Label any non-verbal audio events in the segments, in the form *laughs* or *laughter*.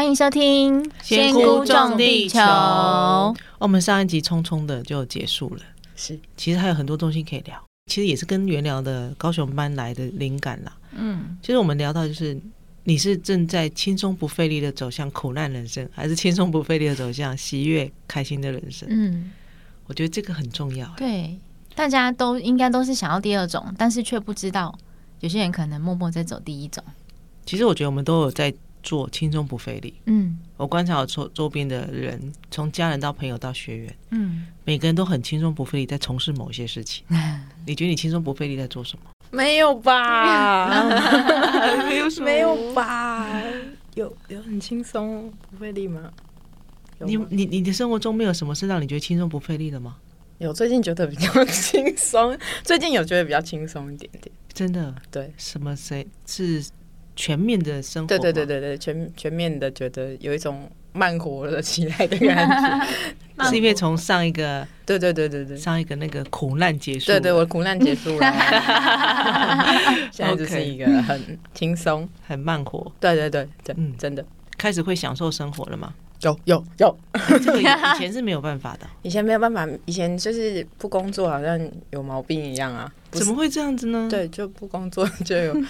歡迎收聽《仙姑撞地球》。哦，我們上一集匆匆的就結束了，是。其實還有很多東西可以聊，其實也是跟源療的高雄班來的靈感啦。嗯，其實我們聊到就是你是正在輕鬆不費力的走向苦難人生，還是輕鬆不費力的走向喜悅開心的人生？嗯，我覺得這個很重要。對，大家都應該都是想要第二種，但是卻不知道有些人可能默默在走第一種。其實我覺得我們都有在。做輕鬆不費力，嗯，我觀察我周周邊的人，從家人到朋友到學員，嗯，每個人都很輕鬆不費力在從事某一些事情，嗯。你覺得你輕鬆不費力在做什麼？沒有吧？ *laughs* *laughs* 沒有什麼？沒有吧？有有很輕鬆不費力嗎？嗎，你你你的生活中沒有什麼是讓你覺得輕鬆不費力的嗎？有，最近覺得比較輕鬆，最近有覺得比較輕鬆一點點。真的？對，什麼誰是？全面的生活，對對對對對，全全面的覺得有一種慢活了起來的感覺，是因為從上一個對對對對對上一個那個苦難結束，對對，對，我苦難結束了， *laughs* 現在就是一個很輕鬆、很慢活，對對對對，對，嗯，真的開始會享受生活了嗎？有有有、欸，這個以前是沒有辦法的、啊，以前沒有辦法，以前就是不工作好像有毛病一樣啊，怎麼會這樣子呢？對，就不工作就有。 *laughs*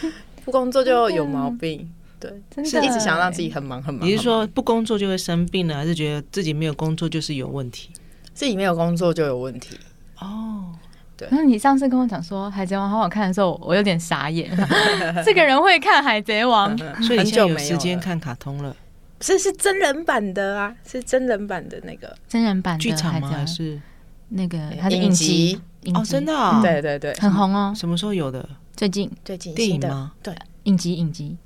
不工作就有毛病，真的對，真的、欸、是一直想讓自己很忙很忙，很忙。你是說不工作就會生病呢，還是覺得自己沒有工作就是有問題？自己沒有工作就有問題哦。對，那你上次跟我講說《海賊王》好好看的時候，我有點傻眼， *laughs* *laughs* 這個人會看《海賊王》，所以很久沒有， *laughs* 有時間看卡通了。是是真人版的啊，是真人版的那個真人版劇場嗎？還是那個他的影集？哦，真的、哦嗯，對對對，很紅哦。什麼，什麼時候有的？最近最近新的電影嗎？對，影集影集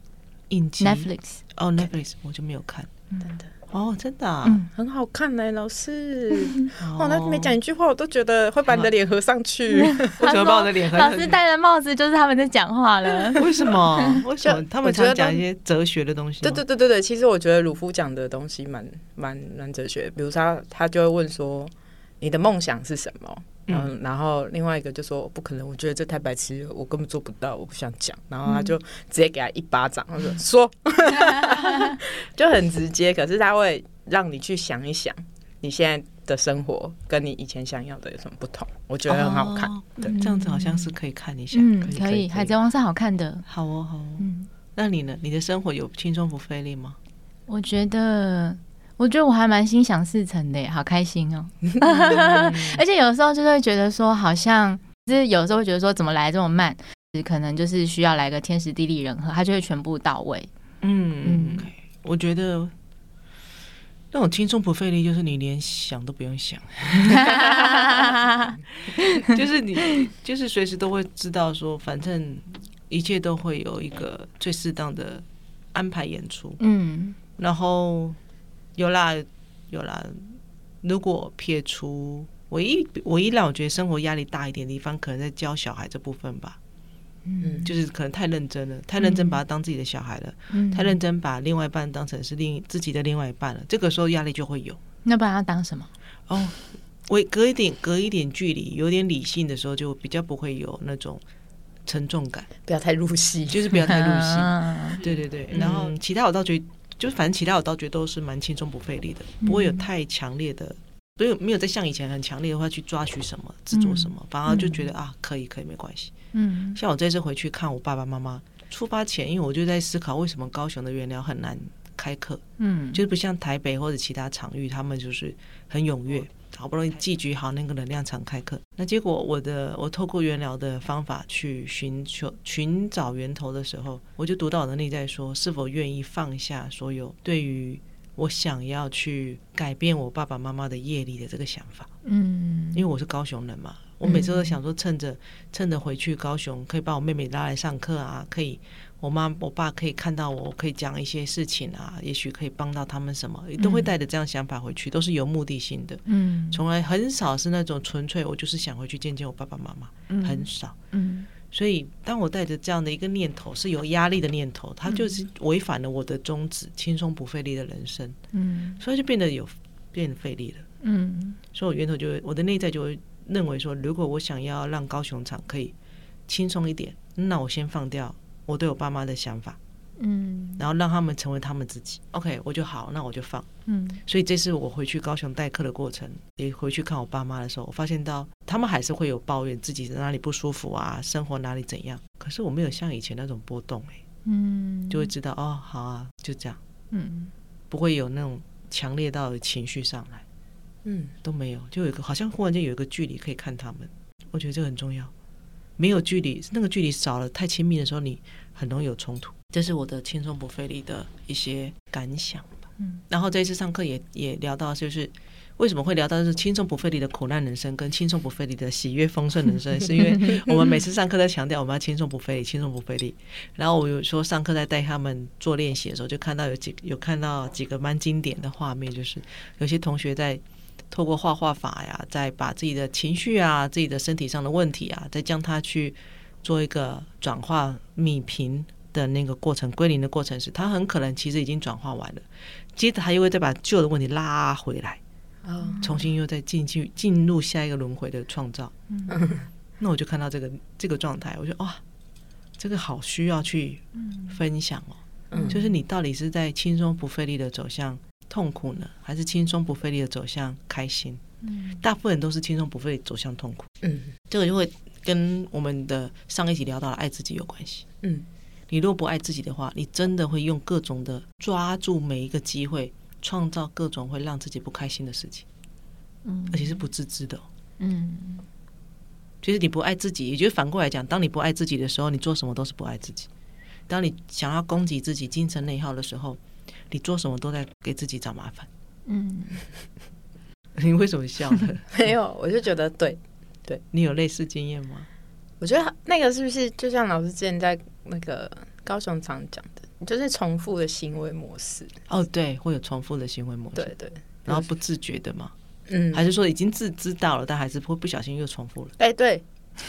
影集 Netflix 哦、oh, Netflix、okay. 我就沒有看，真的哦、嗯 oh, 真的、啊嗯、很好看呢、欸、老師、 *laughs* oh. 哦，每次講一句話我都覺得會把你的臉合上去，為什麼把我的臉合？老師戴的帽子就是他們在講話了 *laughs* 為，為什麼？我想他們常講一些哲學的東西。對對對對對，其實我覺得魯夫講的東西蠻蠻蠻哲學，比如他他就會問說你的夢想是什麼？嗯，然後另外一個就說：“不可能，我覺得這太白痴，我根本做不到，我不想講。”然後他就直接給他一巴掌，他說：“說、嗯， *laughs* 就很直接。”可是他會讓你去想一想，你現在的生活跟你以前想要的有什麼不同？我覺得很好看、哦，對，這樣子好像是可以看一下、嗯。可以可以，《海賊王》是好看的，好哦，好哦。嗯，那你呢？你的生活有輕鬆不費力嗎？我覺得。我覺得我還蠻心想事成的，好開心哦！ *laughs* 而且有時候就會覺得說，好像就是有時候會覺得說，怎麼來這麼慢？可能就是需要來個天時地利人和，它就會全部到位。嗯，okay，嗯，我覺得那種輕鬆不費力，就是你連想都不用想， *laughs* *laughs* *laughs* *laughs* 就是你就是隨時都會知道說，反正一切都會有一個最適當的安排演出。嗯，然後。有啦，有啦。如果撇除唯一唯一，讓我覺得生活壓力大一點的地方，可能在教小孩這部分吧。嗯，就是可能太認真了，太認真把他當自己的小孩了，嗯，太認真把另外一半當成是另自己的另外一半了，這個時候壓力就會有。那不然要當什麼？哦，我隔一點隔一點距離，有點理性的時候，就比較不會有那種沉重感，不要太入戲，就是不要太入戲、啊。對對對，然後其他我倒覺得。就反正其他我倒覺得都是蠻輕鬆不費力的，不會有太強烈的，所以沒有再像以前很強烈的話去抓取什麼、製作什麼，反而就覺得啊，可以可以沒關係。嗯，像我這次回去看我爸爸媽媽，出發前因為我就在思考為什麼高雄的源療很難開課，嗯，就是不像台北或者其他場域，他們就是很踴躍。好不容易聚集好那個能量場開課，那結果我的我透過源療的方法去尋求尋找源頭的時候，我就讀到我的內在說：是否願意放下所有對於我想要去改變我爸爸媽媽的業力的這個想法？嗯，因為我是高雄人嘛，我每次都想說趁着趁着回去高雄，可以把我妹妹拉來上課啊，可以。我媽、我爸可以看到我，可以講一些事情啊，也許可以幫到他們什麼，也都會帶着這樣想法回去，都是有目的性的。嗯，從來很少是那種純粹，我就是想回去見見我爸爸媽媽，很少。嗯，所以當我帶着這樣的一個念頭，是有壓力的念頭，它就是違反了我的宗旨——輕鬆不費力的人生。嗯，所以就變得有變得費力了。嗯，所以我源頭就會，我的內在就會認為說，如果我想要讓高雄場可以輕鬆一點，那我先放掉。我對我爸媽的想法，嗯，然後讓他們成為他們自己。OK，我就好，那我就放，嗯。所以這次我回去高雄代課的過程，也回去看我爸媽的時候，我發現到他們還是會有抱怨，自己哪裡不舒服啊，生活哪裡怎樣。可是我沒有像以前那種波動，欸，嗯，就會知道哦，好啊，就這樣，嗯，不會有那種強烈到的情緒上來，嗯，都沒有，就有一個好像忽然間有一個距離可以看他們，我覺得這個很重要。沒有距離，那個距離少了，太親密的時候，你很容易有衝突。這是我的輕鬆不費力的一些感想吧。嗯，然後這一次上課也也聊到，就是為什麼會聊到就是輕鬆不費力的苦難人生，跟輕鬆不費力的喜悅豐盛人生， *laughs* 是因為我們每次上課在強調我們要輕鬆不費力，輕鬆不費力。然後我有說上課在帶他們做練習的時候，就看到有幾有看到幾個蠻經典的畫面，就是有些同學在。透過畫畫法呀，再把自己的情緒啊、自己的身體上的問題啊，再將它去做一個轉化、弭平的那個過程、歸零的過程時，它很可能其實已經轉化完了。接着它又會再把舊的問題拉回來，Oh. 重新又再進去進入下一個輪迴的創造。Mm -hmm. 那我就看到這個這個狀態，我就哇，這個好需要去分享哦。Mm -hmm. 就是你到底是在輕鬆不費力的走向。痛苦呢，還是輕鬆不費力的走向開心？嗯，大部分人都是輕鬆不費力走向痛苦。嗯，這個就會跟我們的上一集聊到了愛自己有關係。嗯，你若不愛自己的話，你真的會用各種的抓住每一個機會，創造各種會讓自己不開心的事情。嗯，而且是不自知的哦。嗯，其實你不愛自己，也就是反過來講，當你不愛自己的時候，你做什麼都是不愛自己。當你想要攻擊自己、精神內耗的時候，你做什麼都在給自己找麻煩。嗯， *laughs* 你為什麼笑呢？沒有，我就覺得對，對。你有類似經驗嗎？我覺得那個是不是就像老師之前在那個高雄常講的，就是重複的行為模式。哦，對，會有重複的行為模式，對對，然後不自覺的嘛，嗯，還是說已經自知道了，但還是會不小心又重複了？哎、欸，對，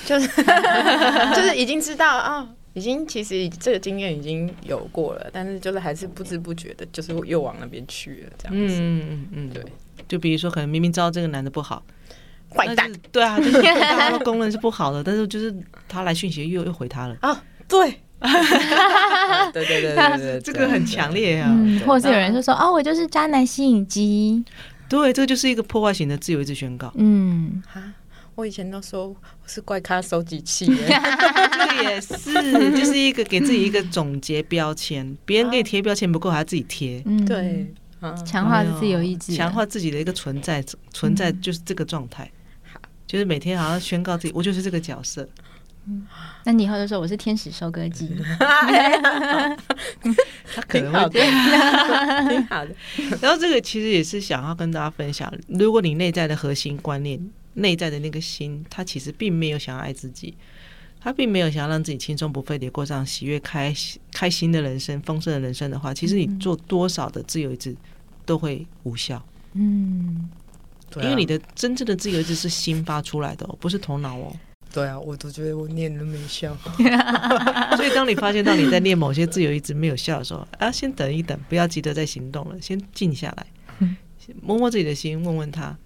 就是 *laughs* *laughs* 就是已經知道啊。哦已經其實這個經驗已經有過了，但是就是還是不知不覺的，就是又往那邊去了這樣子。嗯嗯嗯，對。就比如說，可能明明知道這個男的不好，壞蛋、就是，對啊， *laughs* 就是他的功能是不好的， *laughs* 但是就是他來訊息又 *laughs* 又回他了啊，對， *laughs* 對,對,對,對對對對， *laughs* 這個很強烈啊、嗯。或者是有人說說啊、哦哦，我就是渣男吸引機，對，這個、就是一個破壞型的自由意志宣告。嗯，哈我以前都說我是怪咖收集器。 *laughs* *laughs* 這個也是，就是一個給自己一個總結標籤，別人給你貼標籤不夠，還要自己貼。嗯，對，強、啊、化自己的自由意志，強、嗯、化自己的一個存在，存在就是這個狀態、嗯。就是每天好像宣告自己，我就是這個角色。嗯、那你以後就說我是天使收割機。 *laughs* *laughs* *laughs* 他可能會挺好的。 *laughs* *laughs* 然後這個其實也是想要跟大家分享，如果你內在的核心觀念。內在的那個心，他其實並沒有想要愛自己，他並沒有想要讓自己輕鬆不費力過上喜悅、開開心的人生、豐盛的人生的話，其實你做多少的自由意志都會無效。嗯，對，因為你的真正的自由意志是心發出來的哦，啊、不是頭腦哦。對啊，我都覺得我念都沒效。 *laughs* 所以當你發現到你在念某些自由意志沒有效的時候，啊，先等一等，不要急着再行動了，先靜下來，摸摸自己的心，問問他。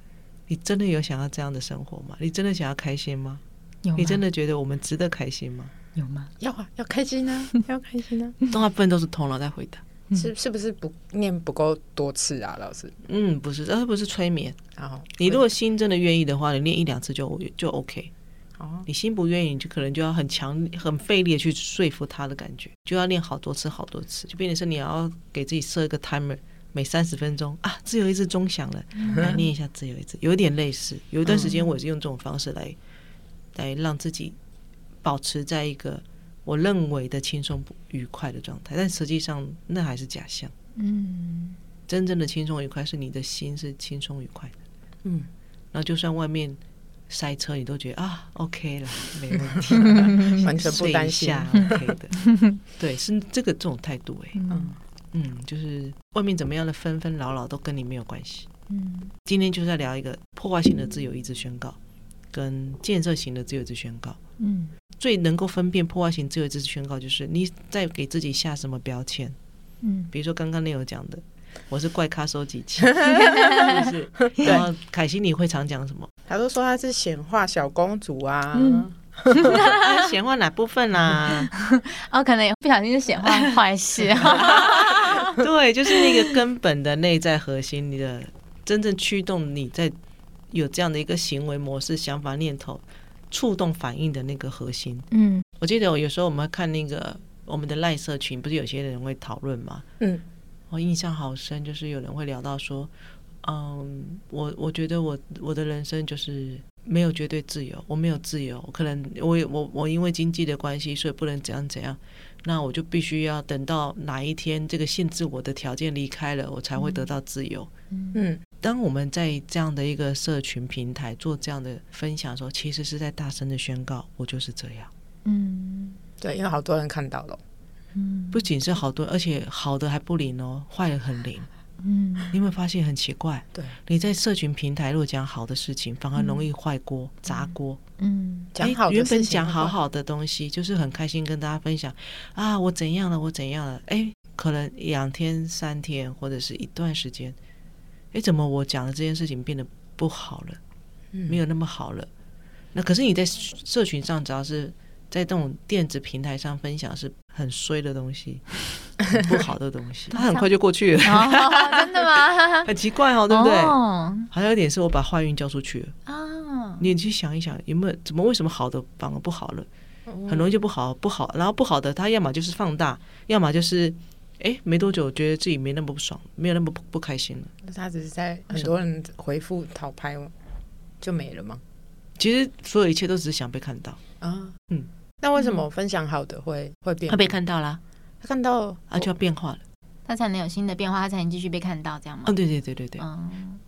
你真的有想要這樣的生活嗎？你真的想要開心嗎？有嗎？你真的覺得我們值得開心嗎？有嗎？要啊，要開心啊，要開心啊！大部分都是頭腦，在回答是 *laughs* 嗯、是不是不念不夠多次啊，老師？嗯，不是，而不是催眠。然、oh, 後你如果心真的願意的話，你念一兩次就就 OK。哦、oh.，你心不願意，你就可能就要很強、很費力的去說服他的感覺，就要念好多次、好多次，就變成是你要給自己設一個 timer。每三十分鐘啊，自由意志鐘響了，來念一下自由意志，有點類似。有一段時間，我也是用這種方式來、嗯、來讓自己保持在一個我認為的輕鬆愉快的狀態，但實際上那還是假象。嗯，真正的輕鬆愉快是你的心是輕鬆愉快的。嗯，那就算外面塞車，你都覺得啊，OK 了，沒問題了，完全不擔心。 *laughs* OK 的，對，是這個這種態度、欸，哎、嗯，嗯嗯，就是外面怎麼樣的紛紛擾擾都跟你沒有關係。嗯，今天就在聊一個破壞性的自由意志宣告，跟建設型的自由意志宣告。嗯，最能夠分辨破壞型自由意志宣告，就是你在給自己下什麼標籤。嗯，比如說剛剛那有講的，我是怪咖、收集器。 *laughs* 就是。對，凱西你會常講什麼？ *laughs* 他都說他是顯化小公主啊。顯、嗯 *laughs* 啊、化哪部分啊？ *laughs* 哦，可能也不小心就顯化壞事。 *laughs* *laughs* 對，就是那個根本的內在核心，你的真正驅動，你在有這樣的一個行為模式、想法、念頭、觸動、反應的那個核心。嗯，我記得我有時候我們看那個我們的賴社群，不是有些人會討論嘛？嗯，我印象好深，就是有人會聊到說，嗯，我我覺得我我的人生就是。沒有絕對自由，我沒有自由，我可能我我我因為經濟的關係，所以不能怎樣怎樣。那我就必須要等到哪一天這個限制我的條件離開了，我才會得到自由。嗯。嗯，當我們在這樣的一個社群平台做這樣的分享的時候，其實是在大聲的宣告，我就是這樣。嗯，對，因為好多人看到了。嗯，不僅是好多，而且好的還不靈哦，壞的很靈。啊。嗯，你有沒有發現很奇怪？對，你在社群平台如果講好的事情，反而容易壞鍋砸鍋。嗯，講好原本講好好的東西，就是很開心跟大家分享啊，我怎樣了，我怎樣了。誒，可能兩天三天或者是一段時間，誒，怎麼我講的這件事情變得不好了，沒有那麼好了？那可是你在社群上，只要是在這種電子平台上分享，是很衰的東西。不好的東西，它 *laughs* 很快就過去了。哦、好好真的嗎？ *laughs* 很奇怪哦，對不對？Oh. 好像有點是我把壞運交出去了啊！你、oh. 你去想一想，有沒有，怎麼為什麼好的反而不好了？很容易就不好，不好，然後不好的它要麼就是放大，嗯、要麼就是哎，沒多久覺得自己沒那麼不爽，沒有那麼不不開心了。那他只是在很多人回覆討拍就沒了嗎？其實所有一切都只是想被看到啊。Oh. 嗯，那為什麼分享好的會會變、嗯？會被看到啦？他看到啊，就要變化了、哦，他才能有新的變化，他才能繼續被看到，這樣嗎？嗯，對對對對對、嗯。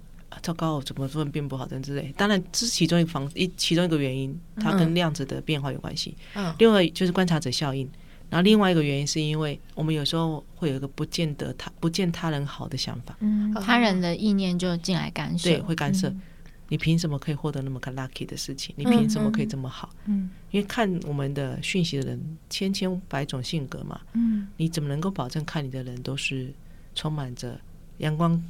糟糕，我怎麼突然變不好？等之類，當然這是其中一個方一其中一個原因，它跟量子的變化有關係。嗯，另外就是觀察者效應、嗯，然後另外一個原因是因為我們有時候會有一個不見得他不見他人好的想法。嗯，他人的意念就進來干涉、嗯，對，會干涉。嗯你憑什麼可以獲得那麼個 lucky 的事情？你憑什麼可以這麼好？嗯嗯、因為看我們的訊息的人千千百種性格嘛。嗯、你怎麼能夠保證看你的人都是充滿着陽光、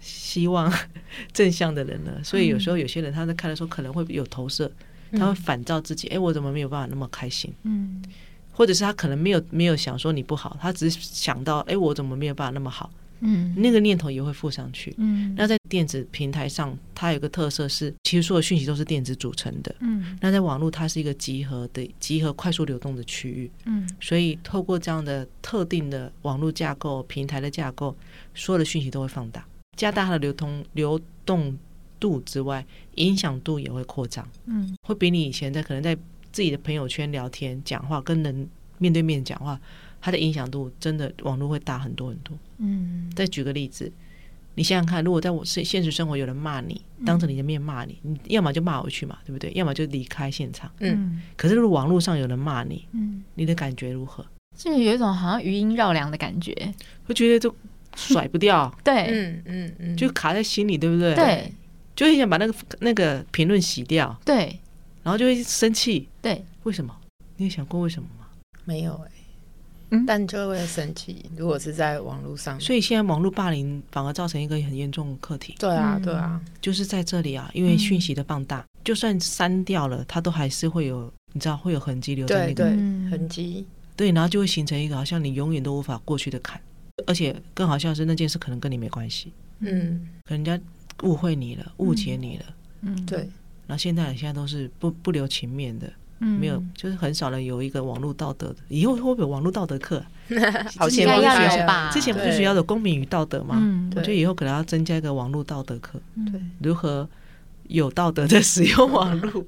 希望、 *laughs* 正向的人呢？所以有時候有些人他在看的時候可能會有投射，嗯、他會反照自己：哎、嗯欸，我怎麼沒有辦法那麼開心？嗯、或者是他可能沒有沒有想說你不好，他只是想到：哎、欸，我怎麼沒有辦法那麼好？嗯，那個念頭也會附上去。嗯，那在電子平台上，它有個特色是，其實所有訊息都是電子組成的。嗯，那在網絡，它是一個集合的、集合快速流動的區域。嗯，所以透過這樣的特定的網絡架構、平台的架構，所有的訊息都會放大，加大它的流通、流動度之外，影響度也會擴張。嗯，會比你以前在可能在自己的朋友圈聊天、講話，跟人面對面講話，它的影響度真的網絡會大很多很多。嗯，再舉個例子，你想想看，如果在我現現實生活有人罵你，當着你的面罵你，嗯，你要麼就罵回去嘛，對不對？要麼就離開現場。嗯，可是如果網絡上有人罵你，嗯，你的感覺如何？這個有一種好像餘音繞梁的感覺，會覺得就甩不掉。 *laughs* 對，嗯嗯嗯，就卡在心裡，對不對？對，就很想把那個那個評論洗掉。對，然後就會生氣。對，為什麼？你有想過為什麼嗎？沒有哎，欸。嗯，但就會生氣。如果是在網絡上面，所以現在網絡霸凌反而造成一個很嚴重的課題。對啊，對、嗯、啊，就是在這裡啊，因為訊息的放大，嗯、就算刪掉了，它都還是會有，你知道會有痕跡留在那個對，對，痕跡。對，然後就會形成一個好像你永遠都無法過去的坎，而且更好笑是那件事可能跟你沒關係。嗯，可能人家誤會你了，誤解你了。嗯，對、嗯。然後現在現在都是不不留情面的。嗯，沒有，就是很少人有一個網絡道德的。以後會不會有網絡道德課、啊？ *laughs* 之前不需要學吧？之前不是學校的公民與道德嗎？我覺得以後可能要增加一個網絡道德課、嗯，對，如何有道德的使用網絡？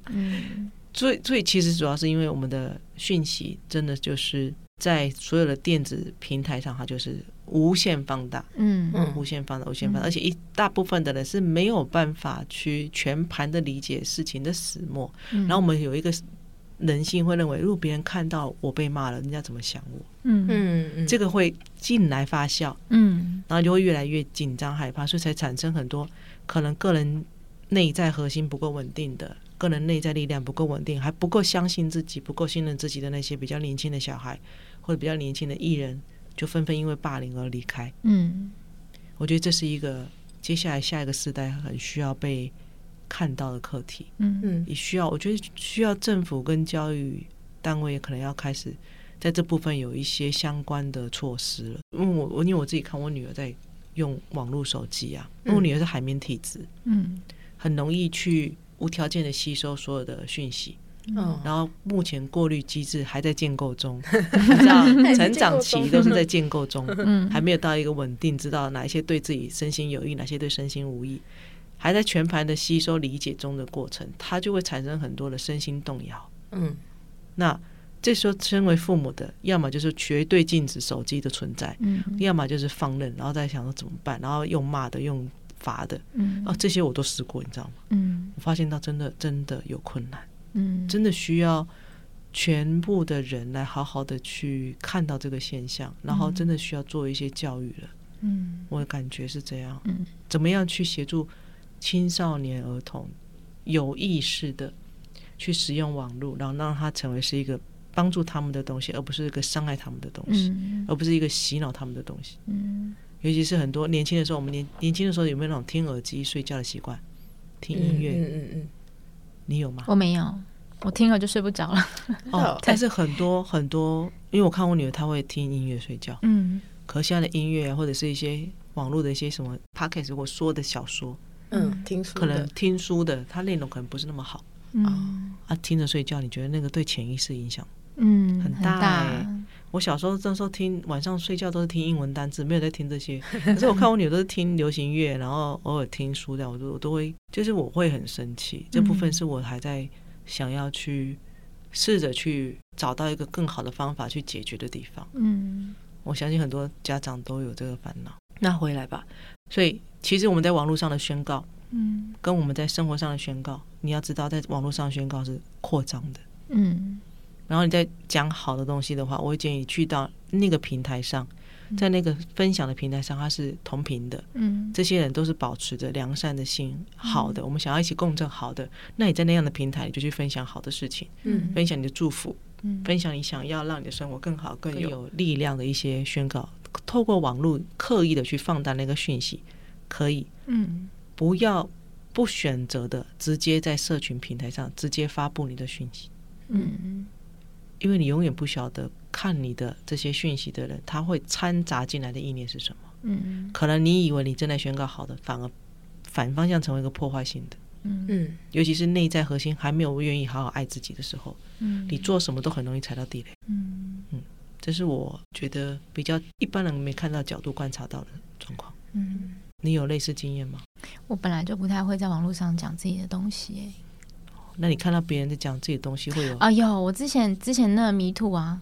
最最其實主要是因為我們的訊息真的就是在所有的電子平台上，它就是無限放大，嗯嗯，無限放大，無限放大，嗯、而且一大部分的人是沒有辦法去全盤的理解事情的始末。嗯、然後我們有一個。人性會認為，如果別人看到我被罵了，人家怎麼想我？嗯嗯，這個會進來發酵，嗯，然後就會越來越緊張害怕、嗯，所以才產生很多可能個人內在核心不夠穩定的，個人內在力量不夠穩定，還不夠相信自己，不夠信任自己的那些比較年輕的小孩或者比較年輕的藝人，就紛紛因為霸凌而離開。嗯，我覺得這是一個接下來下一個時代很需要被看到的課題，嗯嗯，也需要。我覺得需要政府跟教育單位可能要開始在這部分有一些相關的措施了。因為我我因為我自己看我女兒在用網絡手機啊，因為我女兒是海綿體質，嗯，很容易去無條件的吸收所有的訊息。然後目前過濾機制還在建構中，你知道成長期都是在建構中，嗯，還沒有到一個穩定，知道哪一些對自己身心有益，哪些對身心無益。還在全盤的吸收理解中的過程，他就會產生很多的身心動搖。嗯，那這時候身為父母的，要麼就是絕對禁止手機的存在，嗯，要麼就是放任，然後再想到怎麼辦，然後用罵的，用罰，罰的，嗯，哦、啊，這些我都試過，你知道嗎？嗯，我發現到真的真的有困難，嗯，真的需要全部的人來好好的去看到這個現象，嗯，然後真的需要做一些教育了。嗯，我的感覺是這樣，嗯，怎麼樣去協助？青少年兒童有意識的去使用網絡，然後讓他成為是一個幫助他們的東西，而不是一個傷害他們的東西，而不是一個洗腦他們的東西。嗯，尤其是很多年輕的時候，我們年年輕的時候有沒有那種聽耳機睡覺的習慣？聽音樂？嗯嗯嗯，嗯，你有嗎？我沒有，我聽了就睡不着了。哦， *laughs* 但是很多很多，因為我看我女兒，她會聽音樂睡覺。嗯，可是現在的音樂、啊、或者是一些網絡的一些什麼 podcast，或說的小說。嗯，聽書的可能聽書的，他內容可能不是那麼好，嗯、啊聽着睡覺，你覺得那個對潛意識影響、欸？嗯，很大。我小時候那時候聽晚上睡覺都是聽英文單字，沒有在聽這些。可是我看我女兒都是聽流行樂， *laughs* 然後偶爾聽書這樣，我都我都會，就是我會很生氣。這部分是我還在想要去試着去找到一個更好的方法去解決的地方。嗯，我相信很多家長都有這個煩惱。那回來吧，所以其實我們在網絡上的宣告，嗯，跟我們在生活上的宣告，你要知道，在網絡上宣告是擴張的，嗯。然後你在講好的東西的話，我會建議去到那個平台上，在那個分享的平台上，它是同頻的，嗯。這些人都是保持着良善的心，好的，我們想要一起共振好的。那你在那樣的平台，你就去分享好的事情，嗯，分享你的祝福，嗯，分享你想要讓你的生活更好、更有力量的一些宣告。透過網絡刻意的去放大那個訊息，可以，不要不選擇的直接在社群平台上直接發布你的訊息，嗯，因為你永遠不曉得看你的這些訊息的人，他會摻雜進來的意念是什麼，嗯，可能你以為你正在宣告好的，反而反方向成為一個破壞性的，嗯，尤其是內在核心還沒有願意好好愛自己的時候，嗯，你做什麼都很容易踩到地雷，嗯。這是我覺得比較一般人沒看到角度觀察到的狀況。嗯，你有類似經驗嗎？我本來就不太會在網絡上講自己的東西。那你看到別人在講自己的東西，會有？啊、哦、有！我之前之前那個 MeToo 啊，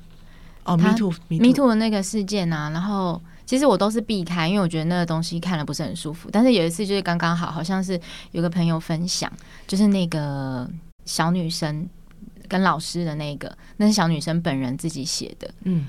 哦 MeToo MeToo 的那個事件啊，然後其實我都是避開，因為我覺得那個東西看了不是很舒服。但是有一次就是剛剛好，好像是有個朋友分享，就是那個小女生。跟老師的那個，那是小女生本人自己寫的。嗯，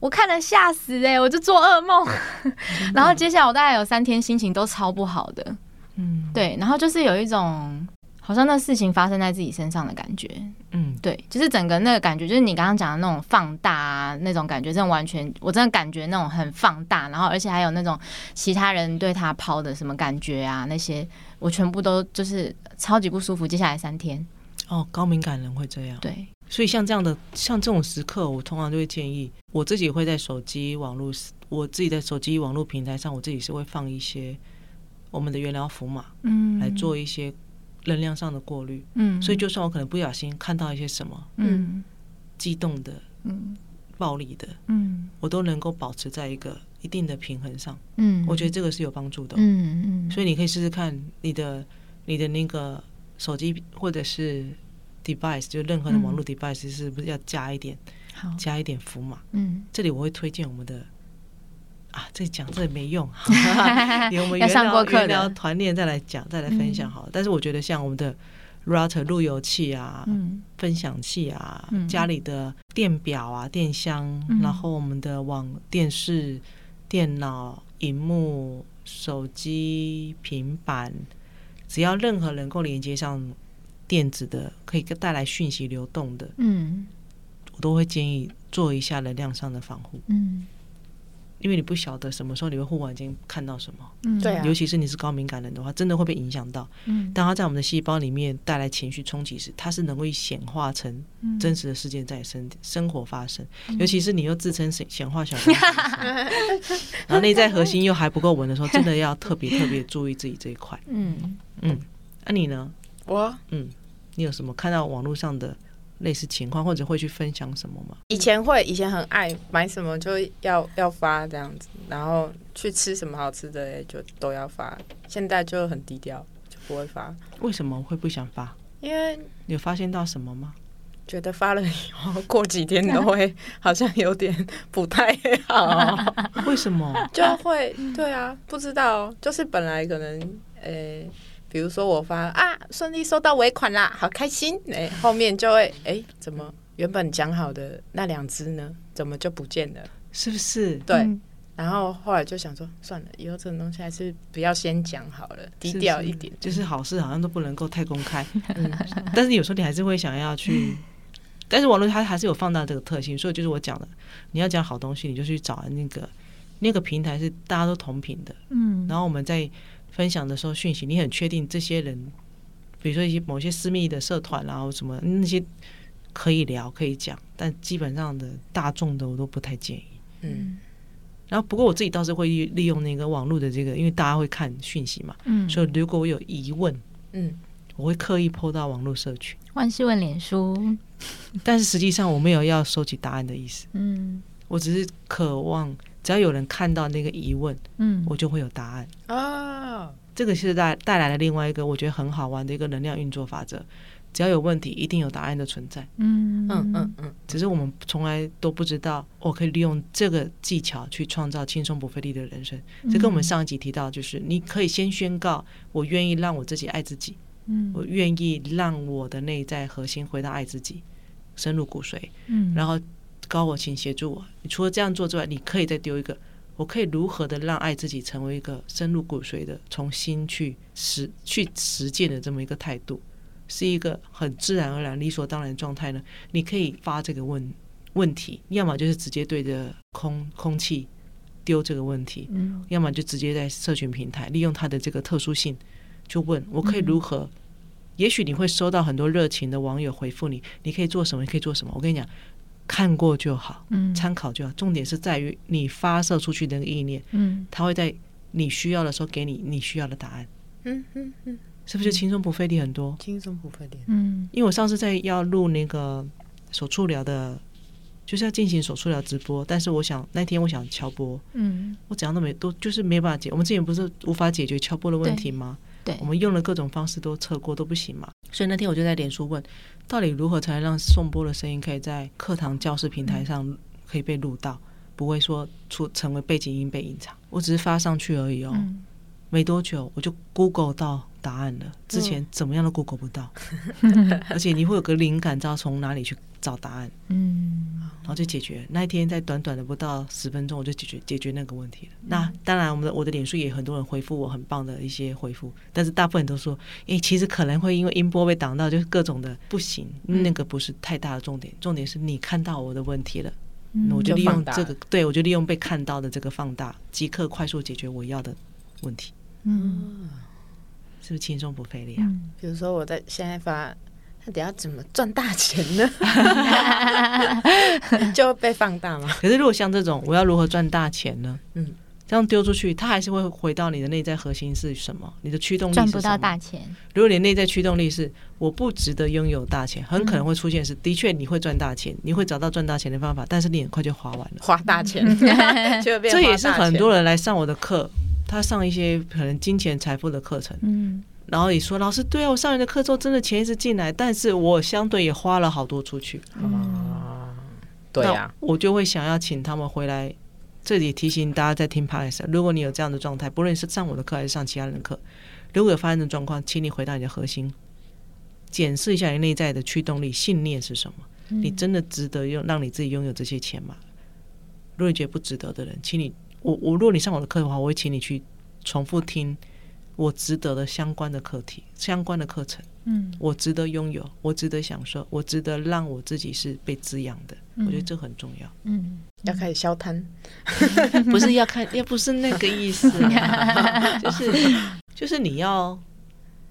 我看了嚇死哎、欸，我就做噩夢。 *laughs* 然後接下來我大概有三天心情都超不好的。嗯，對。然後就是有一種好像那事情發生在自己身上的感覺。嗯，對，就是整個那個感覺，就是你剛剛講的那種放大啊，那種感覺，真的完全，我真的感覺那種很放大。然後，而且還有那種其他人對他拋的什麼感覺啊，那些我全部都就是超級不舒服。接下來三天。哦，高敏感人會這樣。對，所以像這樣的，像這種時刻，我通常就會建議我自己會在手機網絡，我自己在手機網絡平台上，我自己是會放一些我們的源療符碼，嗯，來做一些能量上的過濾，嗯，所以就算我可能不小心看到一些什麼，嗯，激動的，嗯，暴力的，嗯，我都能夠保持在一個一定的平衡上，嗯，我覺得這個是有幫助的哦，嗯嗯，所以你可以試試看你的你的那個。手機或者是 device 就任何的網絡 device 是、嗯、不、就是要加一點，好加一點符碼，嗯，這裡我會推薦我們的啊，這講這沒用， *laughs* *laughs* 你我們源療源療團練再來講，再來分享好了、嗯。但是我覺得像我們的 Router 路由器啊，嗯、分享器啊、嗯，家裡的電表啊、電箱，嗯、然後我們的網電視、電腦、螢幕、手機、平板。只要任何人能夠連接上電子的，可以帶來訊息流動的，嗯，我都會建議做一下能量上的防護，嗯。因為你不曉得什麼時候你會忽然間看到什麼，嗯、對、啊，尤其是你是高敏感人的話，真的會被影響到。嗯，但它在我們的細胞裡面帶來情緒衝擊時，它是能夠顯化成真實的事件在生、嗯、生活發生。尤其是你又自稱顯顯化小人、嗯，然後內在核心又還不夠穩的時候，真的要特別特別注意自己這一塊。嗯嗯，那、啊、你呢？我嗯，你有什麼看到網絡上的？類似情況，或者會去分享什麼嗎？以前會，以前很愛買什麼就要要發這樣子，然後去吃什麼好吃的就都要發。現在就很低調，就不會發。為什麼會不想發？因為你有發現到什麼嗎？覺得發了以後過幾天都會好像有點不太好。為什麼？就會對啊，不知道喔，就是本來可能誒。欸比如說我發啊順利收到尾款啦，好開心哎、欸，後面就會哎、欸，怎麼原本講好的那兩隻呢，怎麼就不見了？是不是？對。嗯、然後後來就想說，算了，以後這種東西還是不要先講好了，是是低調一點、就是。就是好事好像都不能夠太公開、 *laughs* 嗯，但是有時候你還是會想要去。 *laughs* 但是網絡它還是有放大這個特性，所以就是我講的，你要講好東西，你就去找那個那個平台是大家都同頻的，嗯，然後我們再。分享的時候訊息，你很確定這些人，比如說一些某些私密的社團、啊，然後什麼那些可以聊可以講，但基本上的大眾的我都不太建議。嗯，然後不過我自己倒是會利用那個網絡的這個，因為大家會看訊息嘛。嗯。所以如果我有疑問，嗯，我會刻意 po 到網絡社群，萬事問臉書。 *laughs* 但是實際上我沒有要收集答案的意思。嗯，我只是渴望。只要有人看到那個疑問，嗯，我就會有答案。Oh. 這個是帶帶來了另外一個我覺得很好玩的一個能量運作法則，只要有問題，一定有答案的存在。嗯嗯嗯嗯。只是我們從來都不知道，我可以利用這個技巧去創造輕鬆不費力的人生。這跟我們上一集提到，就是你可以先宣告我願意讓我自己愛自己，嗯，我願意讓我的內在核心回到愛自己，深入骨髓，嗯，然後。高我，我請協助我。你除了這樣做之外，你可以再丟一個。我可以如何的讓愛自己成為一個深入骨髓的、重新去實去實踐的這麼一個態度，是一個很自然而然、理所當然的狀態呢？你可以發這個問問題，要麼就是直接對着空空氣丟這個問題、嗯，要麼就直接在社群平台利用它的這個特殊性去問，就問我可以如何、嗯。也許你會收到很多熱情的網友回復你，你可以做什麼？你可以做什麼？我跟你講。看過就好，嗯，參考就好，嗯。重點是在於你發射出去的那個意念，嗯，它會在你需要的時候給你你需要的答案，嗯嗯嗯，是不是就輕鬆不費力很多？輕鬆不費力，嗯。因為我上次在要錄那個手觸療的，就是要進行手觸療直播，但是我想那天我想敲播，嗯，我怎樣都沒都就是沒辦法解。我們之前不是無法解決敲撥的問題嗎？對，對，我們用了各種方式都測過都不行嘛。所以那天我就在臉書問，到底如何才能讓頌缽的聲音可以在課堂教室平台上可以被錄到，嗯，不會說出成為背景音被隱藏？我只是發上去而已哦，嗯，沒多久我就 Google 到答案了。之前怎麼樣都 Google 不到，嗯，而且你會有個靈感，知道從哪裡去找答案。嗯。然後就解決那一天，在短短的不到十分鐘，我就解決解決那個問題了。那當然我，我們的我的臉書也很多人回復我很棒的一些回復，但是大部分人都說，誒，其實可能會因為音波被擋到，就是各種的不行。那個不是太大的重點，嗯，重點是你看到我的問題了，嗯，我就利用這個，對我就利用被看到的這個放大，即刻快速解決我要的問題。嗯，是不是輕鬆不費力啊？比如說我在現在發。到底要怎麼賺大錢呢？ *laughs* 就會被放大嗎？可是如果像這種，我要如何賺大錢呢？嗯，這樣丟出去，它還是會回到你的內在核心是什麼？你的驅動力是什麼？賺不到大錢。如果你內在驅動力是我不值得擁有大錢，很可能會出現的是，的確你會賺大錢，你會找到賺大錢的方法，但是你很快就花完了，花大錢。就這也是很多人來上我的課，他上一些可能金錢財富的課程，嗯。然後你說：“老師，對啊，我上完的課之後，真的錢一直進來，但是我相對也花了好多出去。嗯”啊，對呀，我就會想要請他們回來。這裡提醒大家在聽 Podcast，如果你有這樣的狀態，不論是上我的課還是上其他人的課，如果有發生的狀況，請你回到你的核心，檢視一下你內在的驅動力、信念是什麼。你真的值得用讓你自己擁有這些錢嗎？如果你覺得不值得的人，請你，我我，如果你上我的課的話，我會請你去重複聽。我值得的相關的課題，相關的課程，嗯，我值得擁有，我值得享受，我值得讓我自己是被滋養的、嗯，我覺得這很重要，嗯，要開始消攤， *laughs* 不是要開，也不是那個意思， *laughs* 就是就是你要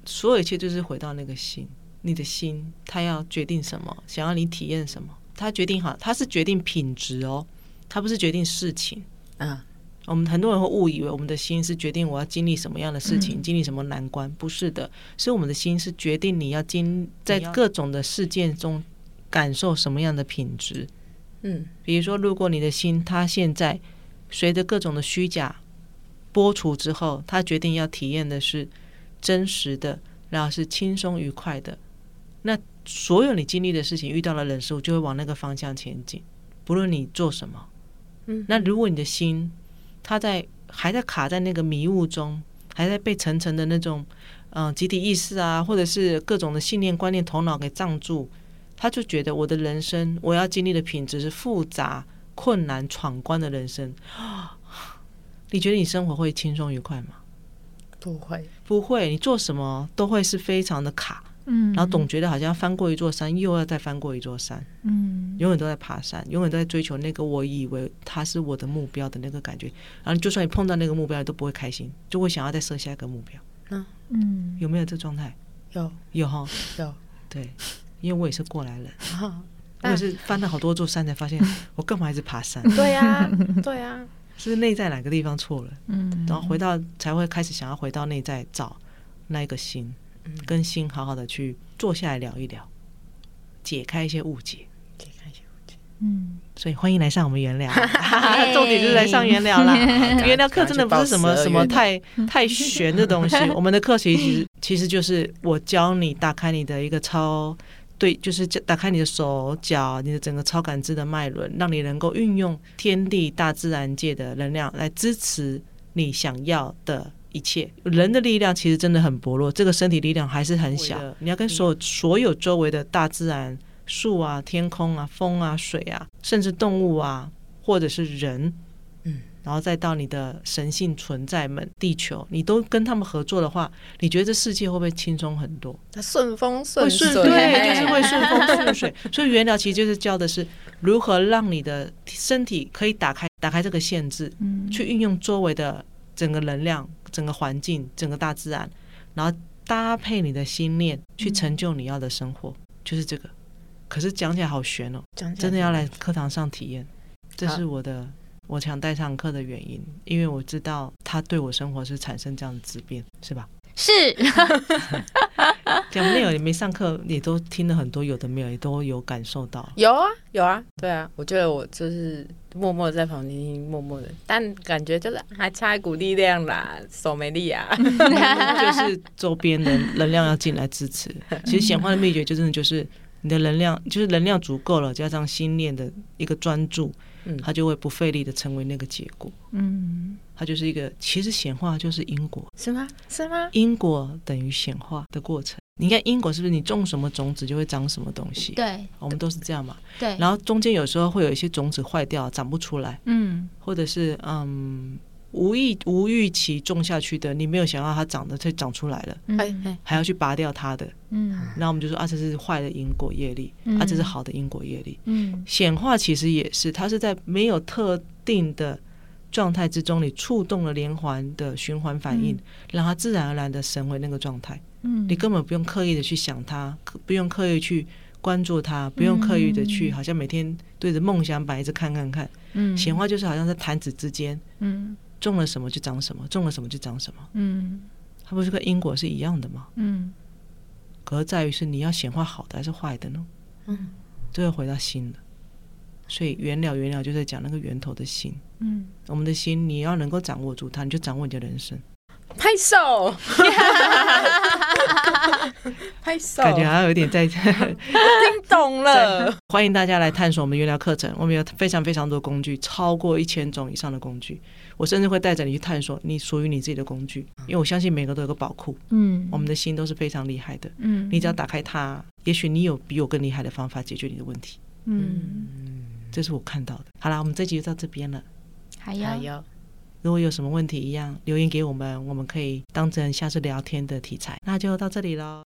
所有一切，就是回到那個心，你的心，他要決定什麼，想要你體驗什麼，他決定好，他是決定品質哦，他不是決定事情，啊、嗯。我們很多人會誤以為我們的心是決定我要經歷什麼樣的事情、嗯、經歷什麼難關，不是的，是我們的心是決定你要經在各種的事件中感受什麼樣的品質。嗯，比如說，如果你的心它現在隨着各種的虛假播出之後，它決定要體驗的是真實的，然後是輕鬆愉快的，那所有你經歷的事情、遇到的人事物就會往那個方向前進，不論你做什麼。嗯，那如果你的心。他在還在卡在那個迷霧中，還在被層層的那種，嗯、呃，集體意識啊，或者是各種的信念、觀念、頭腦給障住。他就覺得我的人生我要經歷的品質是複雜、困難、闖關的人生，哦。你覺得你生活會輕鬆愉快嗎？不會，不會。你做什麼都會是非常的卡，嗯，然後總覺得好像要翻過一座山，又要再翻過一座山，嗯。永遠都在爬山，永遠都在追求那個我以為他是我的目標的那個感覺。然後，就算你碰到那個目標，都不會開心，就會想要再設下一個目標。嗯嗯，有沒有這狀態？有有哈，有，有對，因為我也是過來人，我、啊、也是翻了好多座山，才發現我幹嘛還是爬山？ *laughs* 對呀、啊、對呀、啊，是內在哪個地方錯了？嗯，然後回到才會開始想要回到內在找那一個心、嗯，跟心好好的去坐下來聊一聊，解開一些誤解。嗯，所以歡迎來上我們源療 *laughs* 重點就是來上源療啦。源療課真的不是什麼什麼太太玄的東西。我們的課其實其實就是我教你打開你的一個超對，就是打開你的手腳，你的整個超感知的脈輪，讓你能夠運用天地大自然界的能量來支持你想要的一切。人的力量其實真的很薄弱，這個身體力量還是很小。你要跟所有所有周圍的大自然。樹啊，天空啊，風啊，水啊，甚至動物啊，或者是人，嗯，然後再到你的神性存在們，地球，你都跟他們合作的話，你覺得這世界會不會輕鬆很多？順風順水，順，對嘿嘿，就是會順風順水。 *laughs* 所以，源療其實就是教的是如何讓你的身體可以打開，打開這個限制，嗯，去運用周圍的整個能量、整個環境、整個大自然，然後搭配你的心念去成就你要的生活，嗯、就是這個。可是講起來好玄哦，真的要來課堂上體驗，這是我的我想帶上課的原因，因為我知道他對我生活是產生這樣的質變，是吧？是 *laughs* ，講沒有你沒上課，你都聽了很多，有的沒有你都有感受到，有啊有啊，對啊，我覺得我就是默默在旁邊聽，默默的，但感覺就是還差一股力量啦，手沒力啊， *laughs* 就是周邊的能量要進來支持。其實顯化的秘訣，就真的就是。你的能量就是能量足夠了，加上心念的一個專注，嗯，它就會不費力的成為那個結果，嗯，它就是一個，其實顯化就是因果，是嗎？是嗎？因果等於顯化的過程，你看因果是不是你種什麼種子就會長什麼東西？對，我們都是這樣嘛，對。然後中間有時候會有一些種子壞掉，長不出來，嗯，或者是嗯。無意無預期種下去的，你沒有想到它長得，它長出來了，還要去拔掉它的。然後我們就說，啊，這是壞的因果業力，啊，這是好的因果業力。嗯，顯化其實也是，它是在沒有特定的狀態之中，你觸動了連環的循環反應，讓它自然而然的成為那個狀態。你根本不用刻意的去想它，不用刻意去關注它，不用刻意的去，好像每天對着夢想板一直看看看。顯化就是好像在彈指之間。嗯。種了什麼就長什麼，種了什麼就長什麼。嗯，它不是跟因果是一樣的嗎？嗯。可是在於是你要顯化好的還是壞的呢？嗯，都要回到心的。所以原料原料，就在講那個源頭的心。嗯，我們的心，你要能夠掌握住它，你就掌握你的人生。拍手， *laughs* 拍手， *laughs* 感覺好像有點在 *laughs* 聽懂了。歡迎大家來探索我們原料課程，我們有非常非常多工具，超過一千種以上的工具。我甚至會帶着你去探索你屬於你自己的工具，因為我相信每個都有個寶庫。嗯，我們的心都是非常厲害的。嗯，你只要打開它，也許你有比我更厲害的方法解決你的問題。嗯，嗯，這是我看到的。好啦，我們這集就到這邊了。還有，如果有什麼問題，一樣留言給我們，我們可以當成下次聊天的題材。那就到這裡嘍。